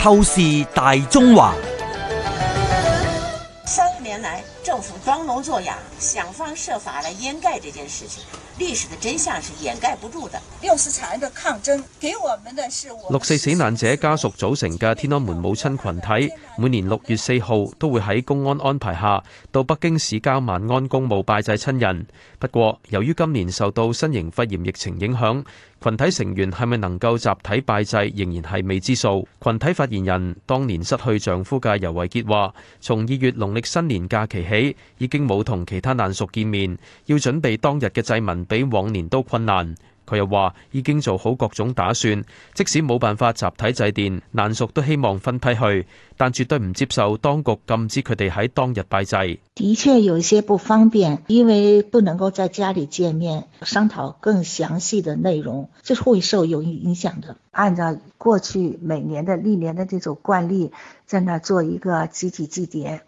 透視大中華。三十年來，政府裝聾作啞，想方設法來掩蓋這件事情。歷史的真相是掩蓋不住的。六四慘案的抗爭，給我們的是六四死難者家屬組成嘅天安門母親群體，每年六月四號都會喺公安安排下到北京市郊萬安公墓拜祭親人。不過，由於今年受到新型肺炎疫情影響，群體成員係咪能夠集體拜祭，仍然係未知數。群體發言人當年失去丈夫嘅尤維潔話，從二月農曆新年假期起，已經冇同其他難屬見面，要準備當日嘅祭文，比往年都困難。佢又話：已經做好各種打算，即使冇辦法集體祭奠，難屬都希望分批去，但絕對唔接受當局禁止佢哋喺當日拜祭。的確有一些不方便，因為不能夠在家裡見面商討更詳細的內容，就會受有影響的。按照過去每年的歷年的這種慣例，在那做一個集體祭典。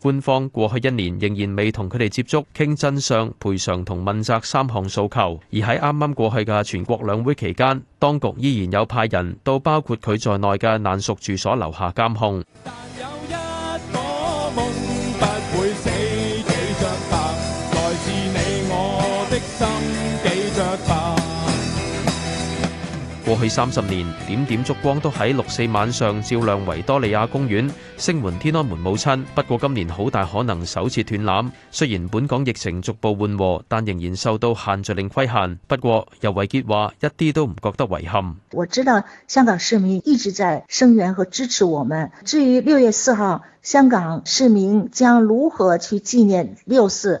官方過去一年仍然未同佢哋接觸，傾真相、賠償同問責三項訴求，而喺啱啱過去嘅全國兩會期間，當局依然有派人到包括佢在內嘅難屬住所樓下監控。過去三十年，點點燭光都喺六四晚上照亮維多利亞公園，聲援天安門母親。不過今年好大可能首次斷纜。雖然本港疫情逐步緩和，但仍然受到限聚令規限。不過，尤維潔話一啲都唔覺得遺憾。我知道香港市民一直在聲援和支持我們。至於六月四號，香港市民將如何去紀念六四？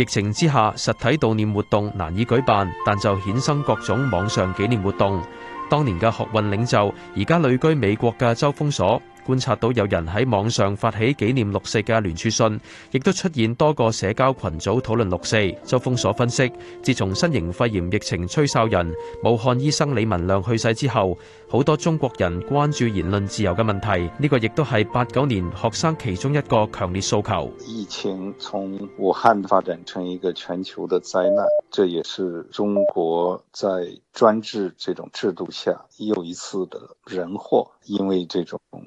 疫情之下，實體悼念活動難以舉辦，但就衍生各種網上紀念活動，當年嘅學運領袖，而家旅居美國嘅周鋒鎖。觀察到有人喺網上發起紀念六四嘅聯署信，亦都出現多個社交群組討論六四。周鋒鎖分析，自從新型肺炎疫情吹哨人，武漢醫生李文亮去世之後，好多中國人關注言論自由嘅問題。呢、這個亦都係八九年學生其中一個強烈訴求。疫情從武漢發展成一個全球的災難，這也是中國在專制這種制度下又一次的人禍，因為這種。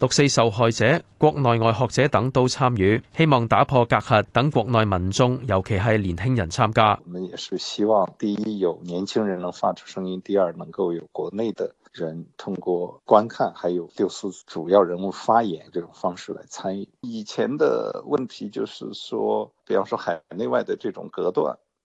六四受害者、國內外學者等都參與，希望打破隔閡，等國內民眾，尤其係年輕人參加。我們也是希望，第一有年輕人能發出聲音，第二能夠有國內的人通過觀看，還有就是主要人物發言這種方式來參與。以前的問題就是說，比方說海內外的這種隔斷。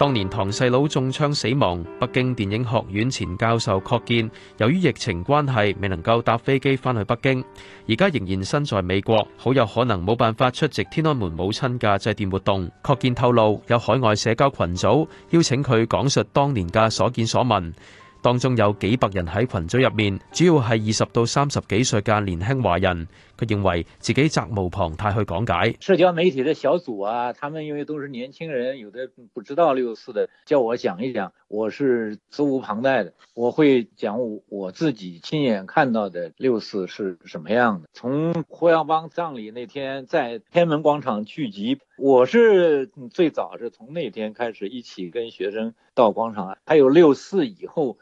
當年堂細佬中槍死亡，北京電影學院前教授郝建，由於疫情關係未能夠搭飛機返去北京，而家，仍然身在美國，好有可能冇辦法出席天安門母親嘅祭奠活動。郝建透露，有海外社交群組邀請佢講述當年嘅所見所聞。當中有幾百人喺群組入面，主要係二十到三十幾歲嘅年輕華人。佢認為自己責無旁貸去講解。社交媒體的小組啊，他們因為都是年輕人，有的不知道六四的，叫我講一講，我是責無旁貸的，我會講我自己親眼看到的六四是什麼樣的。從胡耀邦葬禮那天在天安門廣場聚集，我是最早，係從那天開始一起跟學生到廣場，還有六四以後。